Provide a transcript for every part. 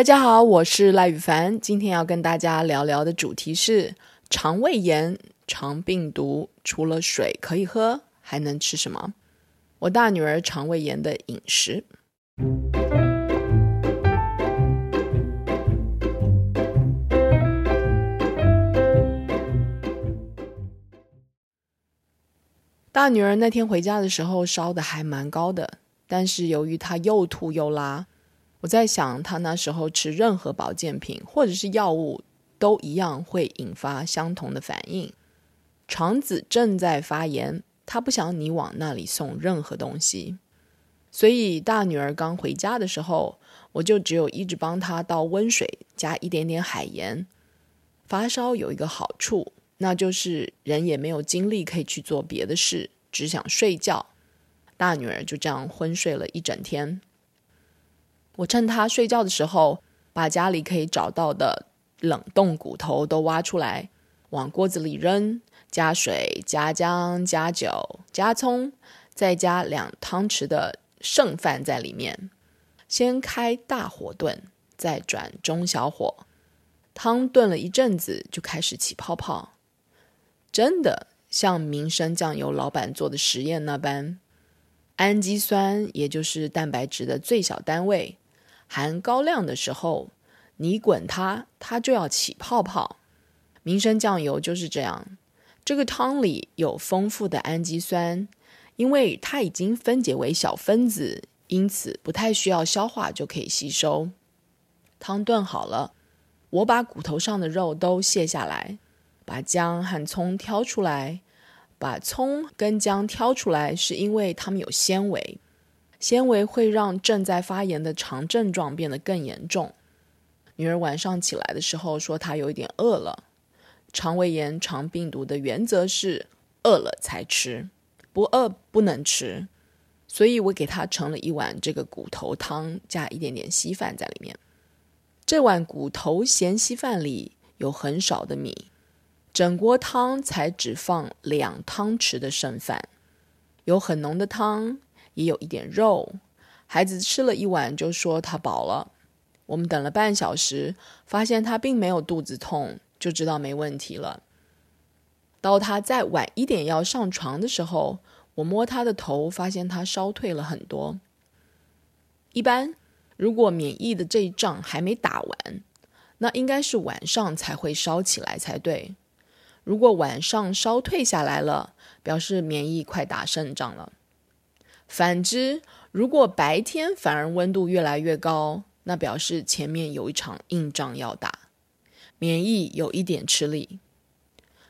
大家好，我是賴宇凡，今天要跟大家聊聊的主題是腸胃炎、腸病毒，除了水可以喝，還能吃什麼？我大女兒腸胃炎的飲食。大女兒那天回家的時候燒得還蠻高的，但是由於她又吐又拉。我在想，他那時候吃任何保健品或者是藥物，都一樣會引發相同的反應。腸子正在發炎，他不想你往那裡送任何東西。所以大女兒剛回家的時候，我就只有一直幫她倒溫水，加一點點海鹽。發燒有一個好處，那就是人也沒有精力可以去做別的事，只想睡覺。大女兒就這樣昏睡了一整天。我趁他睡覺的時候，把家裡可以找到的冷凍骨頭都挖出來，往鍋子裡扔，加水、加薑、加酒、加蔥，再加兩湯匙的剩飯在裡面，先開大火燉，再轉中小火。湯燉了一陣子，就開始起泡泡，真的像民生醬油老闆做的實驗那般，氨基酸，也就是蛋白質的最小單位。含高量的時候，你滾它，它就要起泡泡。民生醬油就是這樣。這個湯裡有豐富的氨基酸，因為它已經分解為小分子，因此不太需要消化就可以吸收。湯燉好了，我把骨頭上的肉都卸下來，把薑和蔥挑出來。把蔥跟薑挑出來是因為它們有纖維。纖維會讓正在發炎的腸症狀變得更嚴重。女兒晚上起來的時候說她有一點餓了。腸胃炎、腸病毒的原則是餓了才吃，不餓不能吃。所以我給她盛了一碗這個骨頭湯，加一點點稀飯在裡面。這碗骨頭鹹稀飯裡有很少的米，整鍋湯才只放兩湯匙的剩飯，有很濃的湯。也有一點肉，孩子吃了一碗就說他飽了。我們等了半小時，發現他並沒有肚子痛，就知道沒問題了。到他再晚一點要上床的時候，我摸他的頭，發現他燒退了很多。一般如果免疫的這一仗還沒打完，那應該是晚上才會燒起來才對。如果晚上燒退下來了，表示免疫快打勝仗了。反之，如果白天反而溫度越來越高，那表示前面有一場硬仗要打，免疫有一點吃力。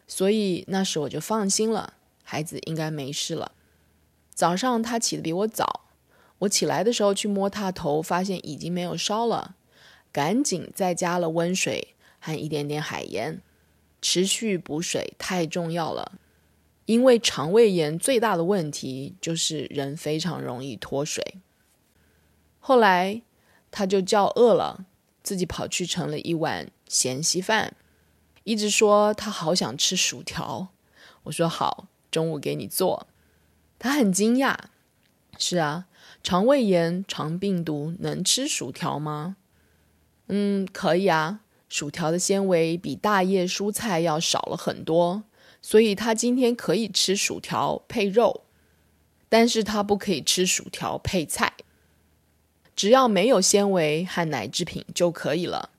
所以那時我就放心了，孩子應該沒事了。早上他起得比我早，我起來的時候去摸他頭，發現已經沒有燒了，趕緊再加了溫水和一點點海鹽，持續補水太重要了。因為腸胃炎最大的問題就是人非常容易脫水。後來他就叫餓了，自己跑去盛了一碗鹹稀飯，一直說他好想吃薯條。我說好，中午給你做。他很驚訝，是啊，腸胃炎、腸病毒能吃薯條嗎？嗯，可以啊，薯條的纖維比大葉蔬菜要少了很多。所以她今天可以吃薯條配肉，但是她不可以吃薯條配菜。只要沒有纖維和奶制品就可以了。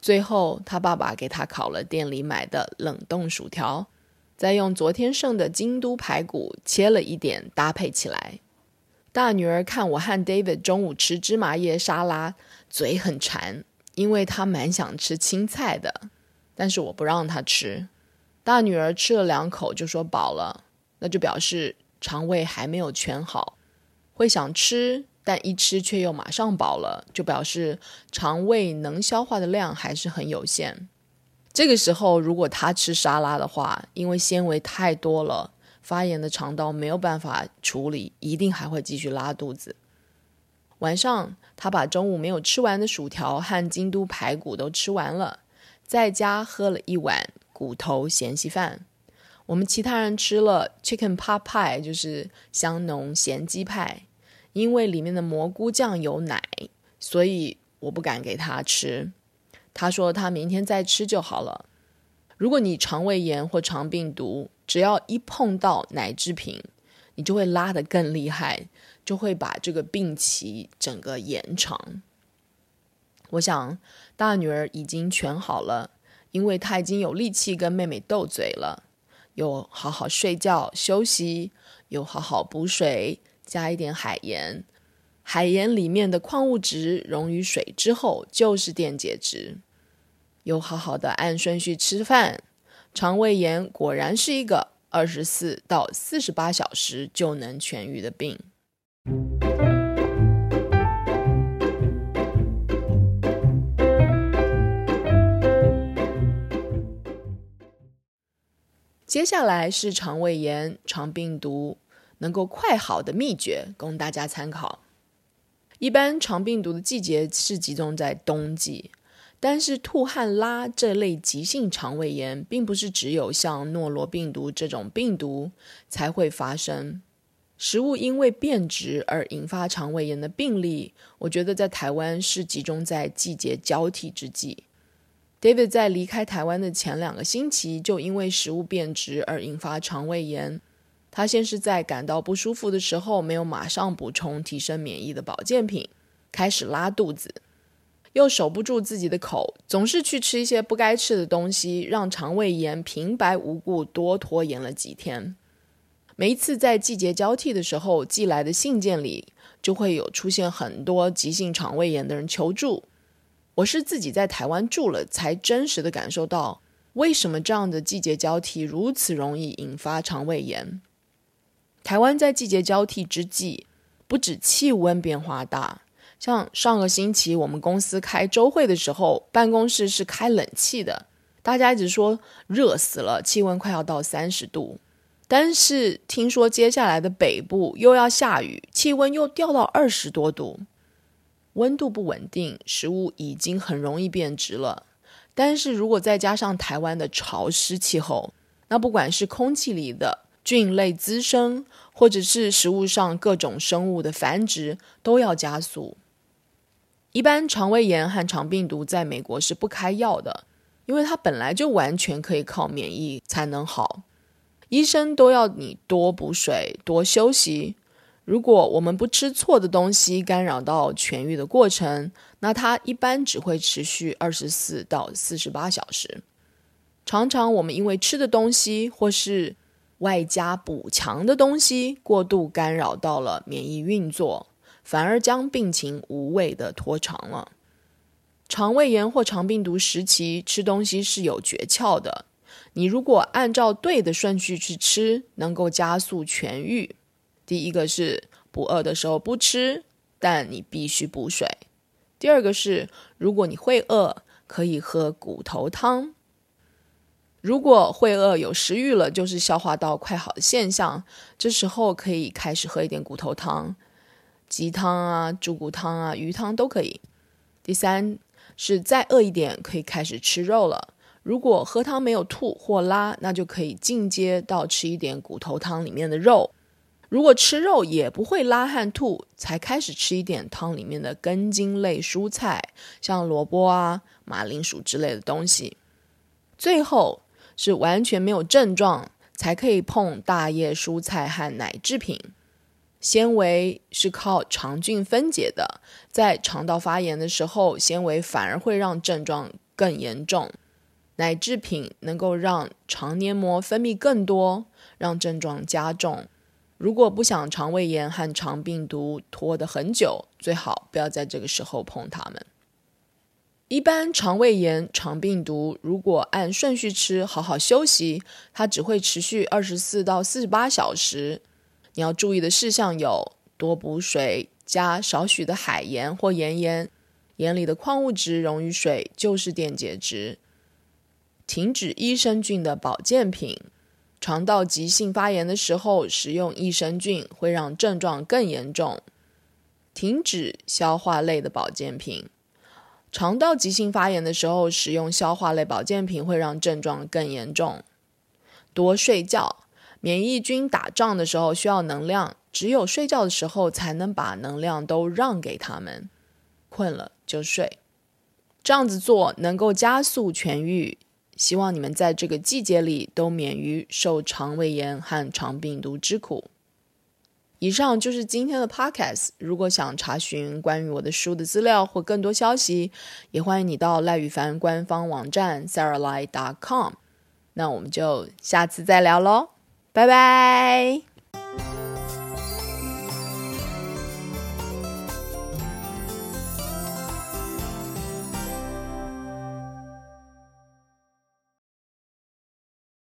最後，她爸爸給她烤了店裡買的冷凍薯條，再用昨天剩的京都排骨切了一點搭配起來。大女兒看我和 David 中午吃芝麻葉沙拉，嘴很饞，因為她蠻想吃青菜的，但是我不讓她吃。大女兒吃了兩口就說飽了，那就表示腸胃還沒有全好，會想吃，但一吃卻又馬上飽了，就表示腸胃能消化的量還是很有限。這個時候如果她吃沙拉的話，因為纖維太多了，發炎的腸道沒有辦法處理，一定還會繼續拉肚子。晚上她把中午沒有吃完的薯條和京都排骨都吃完了，在家喝了一碗。骨頭鹹稀飯，我們其他人吃了 chicken pot pie，就是香濃鹹雞派，因為裡面的蘑菇醬有奶，所以我不敢給他吃。他說他明天再吃就好了。如果你腸胃炎或腸病毒，只要一碰到奶製品，你就會拉得更厲害，就會把這個病期整個延長。我想大女兒已經全好了。因為他已經有力氣跟妹妹鬥嘴了，有好好睡覺休息，有好好補水，加一點海鹽，海鹽裡面的礦物質溶於水之後就是電解質，有好好的按順序吃飯，腸胃炎果然是一個二十四到四十八小時就能痊癒的病。接下來是腸胃炎、腸病毒能夠快好的秘訣，供大家參考。一般腸病毒的季節是集中在冬季，但是吐、汗、拉這類急性腸胃炎，並不是只有像諾羅病毒這種病毒才會發生。食物因為變質而引發腸胃炎的病例，我覺得在台灣是集中在季節交替之際。David 在離開台灣的前兩個星期，就因為食物變質而引發腸胃炎。他先是在感到不舒服的時候，沒有馬上補充提升免疫的保健品，開始拉肚子，又守不住自己的口，總是去吃一些不該吃的東西，讓腸胃炎平白無故多拖延了幾天。每一次在季節交替的時候，寄來的信件裡就會有出現很多急性腸胃炎的人求助。我是自己在台灣住了，才真實地感受到為什麼這樣的季節交替，如此容易引發腸胃炎。台灣在季節交替之際，不止氣溫變化大，像上個星期我們公司開週會的時候，辦公室是開冷氣的，大家一直說熱死了，氣溫快要到三十度，但是聽說接下來的北部又要下雨，氣溫又掉到二十多度。溫度不穩定，食物已經很容易變質了。但是如果再加上台灣的潮濕氣候，那不管是空氣裡的菌類滋生，或者是食物上各種生物的繁殖，都要加速。一般腸胃炎和腸病毒在美國是不開藥的，因為它本來就完全可以靠免疫才能好。醫生都要你多補水、多休息。如果我們不吃錯的東西，干擾到痊癒的過程，那它一般只會持續二十四到四十八小時。常常我們因為吃的東西，或是外加補強的東西，過度干擾到了免疫運作，反而將病情無謂的拖長了。腸胃炎或腸病毒時期吃東西是有訣竅的，你如果按照對的順序去吃，能夠加速痊癒。第一個是不餓的時候不吃，但你必須補水。第二個是，如果你會餓，可以喝骨頭湯。如果會餓有食慾了，就是消化道快好的現象，這時候可以開始喝一點骨頭湯、雞湯啊、豬骨湯啊、魚湯都可以。第三是再餓一點，可以開始吃肉了。如果喝湯沒有吐或拉，那就可以進階到吃一點骨頭湯裡面的肉。如果吃肉也不會拉和吐，才開始吃一點湯裡面的根莖類蔬菜，像蘿蔔啊、馬鈴薯之類的東西。最後是完全沒有症狀，才可以碰大葉蔬菜和奶製品。纖維是靠腸菌分解的，在腸道發炎的時候，纖維反而會讓症狀更嚴重。奶製品能夠讓腸黏膜分泌更多，讓症狀加重。如果不想腸胃炎和腸病毒拖得很久，最好不要在這個時候碰它們。一般腸胃炎、腸病毒，如果按順序吃，好好休息，它只會持續二十四到四十八小時。你要注意的事項有：多補水，加少許的海鹽或岩鹽，鹽裡的礦物質溶於水就是電解質。停止益生菌的保健品。腸道急性發炎的時候，使用益生菌會讓症狀更嚴重。停止消化類的保健品。腸道急性發炎的時候，使用消化類保健品會讓症狀更嚴重。多睡覺。免疫軍打仗的時候需要能量，只有睡覺的時候才能把能量都讓給他們。困了就睡，這樣子做能夠加速痊癒。希望你們在這個季節裡都免於受腸胃炎和腸病毒之苦。以上就是今天的 podcast。如果想查詢關於我的書的資料或更多消息，也歡迎你到賴宇凡官方網站 saralye.com。那我們就下次再聊嘍，拜拜。